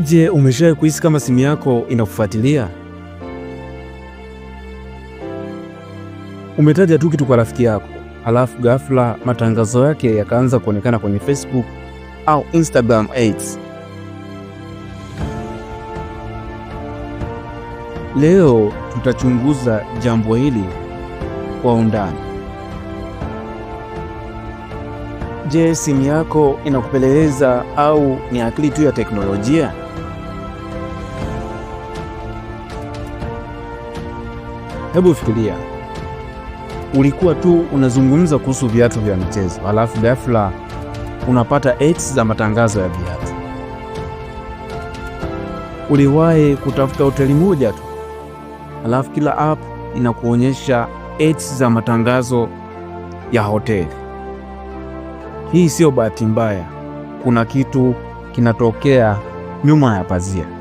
Je, umeshawahi kuhisi kama simu yako inakufuatilia? Umetaja tu kitu kwa rafiki yako halafu ghafla matangazo yake yakaanza kuonekana kwenye Facebook au Instagram ads. Leo tutachunguza jambo hili kwa undani. Je, simu yako inakupeleleza au ni akili tu ya teknolojia? Hebu fikiria ulikuwa tu unazungumza kuhusu viatu vya michezo, alafu ghafla unapata ads za matangazo ya viatu. Uliwahi kutafuta hoteli moja tu, alafu kila app inakuonyesha ads za matangazo ya hoteli. Hii sio bahati mbaya, kuna kitu kinatokea nyuma ya pazia.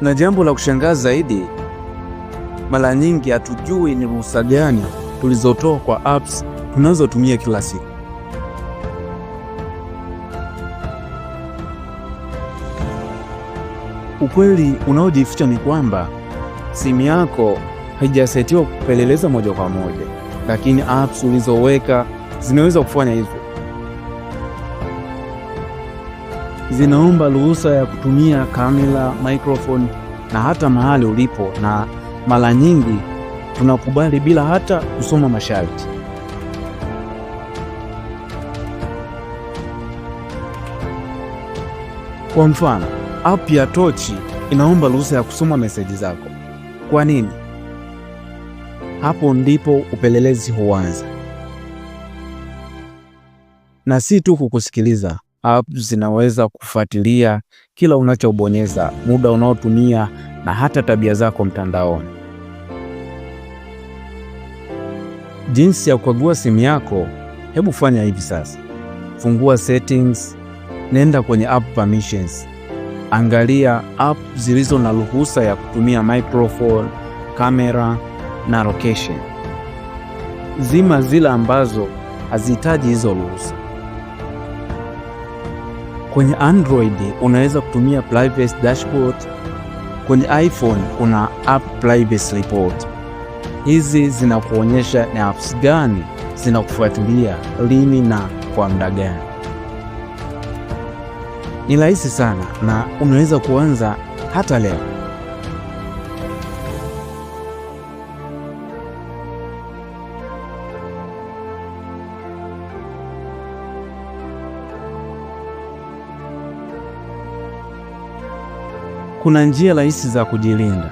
Na jambo la kushangaza zaidi, mara nyingi hatujui ni ruhusa gani tulizotoa kwa apps tunazotumia kila siku. Ukweli unaojificha ni kwamba simu yako haijasetiwa kupeleleza moja kwa moja, lakini apps ulizoweka zinaweza kufanya hivyo. zinaomba ruhusa ya kutumia kamera, microphone na hata mahali ulipo, na mara nyingi tunakubali bila hata kusoma masharti. Kwa mfano, app ya tochi inaomba ruhusa ya kusoma meseji zako. Kwa nini? Hapo ndipo upelelezi huanza, na si tu kukusikiliza apps zinaweza kufuatilia kila unachobonyeza, muda unaotumia na hata tabia zako mtandaoni. Jinsi ya kukagua simu yako, hebu fanya hivi sasa. Fungua settings, nenda kwenye app permissions. Angalia app zilizo na ruhusa ya kutumia microphone, kamera na location. Zima zile ambazo hazihitaji hizo ruhusa. Kwenye Android unaweza kutumia privacy dashboard, kwenye iPhone kuna app privacy report. Hizi zinakuonyesha ni apps gani zinakufuatilia lini na kwa muda gani. Ni rahisi sana na unaweza kuanza hata leo. kuna njia rahisi za kujilinda.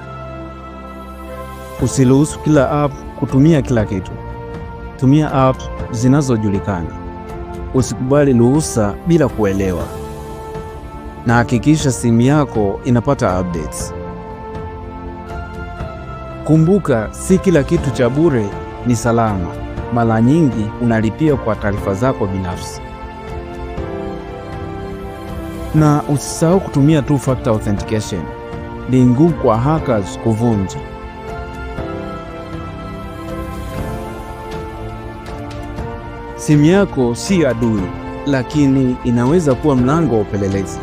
Usiruhusu kila app kutumia kila kitu. Tumia app zinazojulikana. Usikubali ruhusa bila kuelewa, na hakikisha simu yako inapata updates. Kumbuka, si kila kitu cha bure ni salama. Mara nyingi unalipia kwa taarifa zako binafsi na usisahau kutumia two factor authentication. Ni ngumu kwa hackers kuvunja. Simu yako si adui, lakini inaweza kuwa mlango wa upelelezi.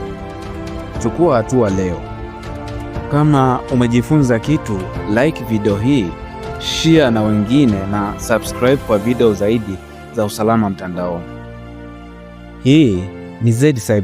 Chukua hatua leo. Kama umejifunza kitu, like video hii, share na wengine, na subscribe kwa video zaidi za usalama mtandaoni. Hii ni Zed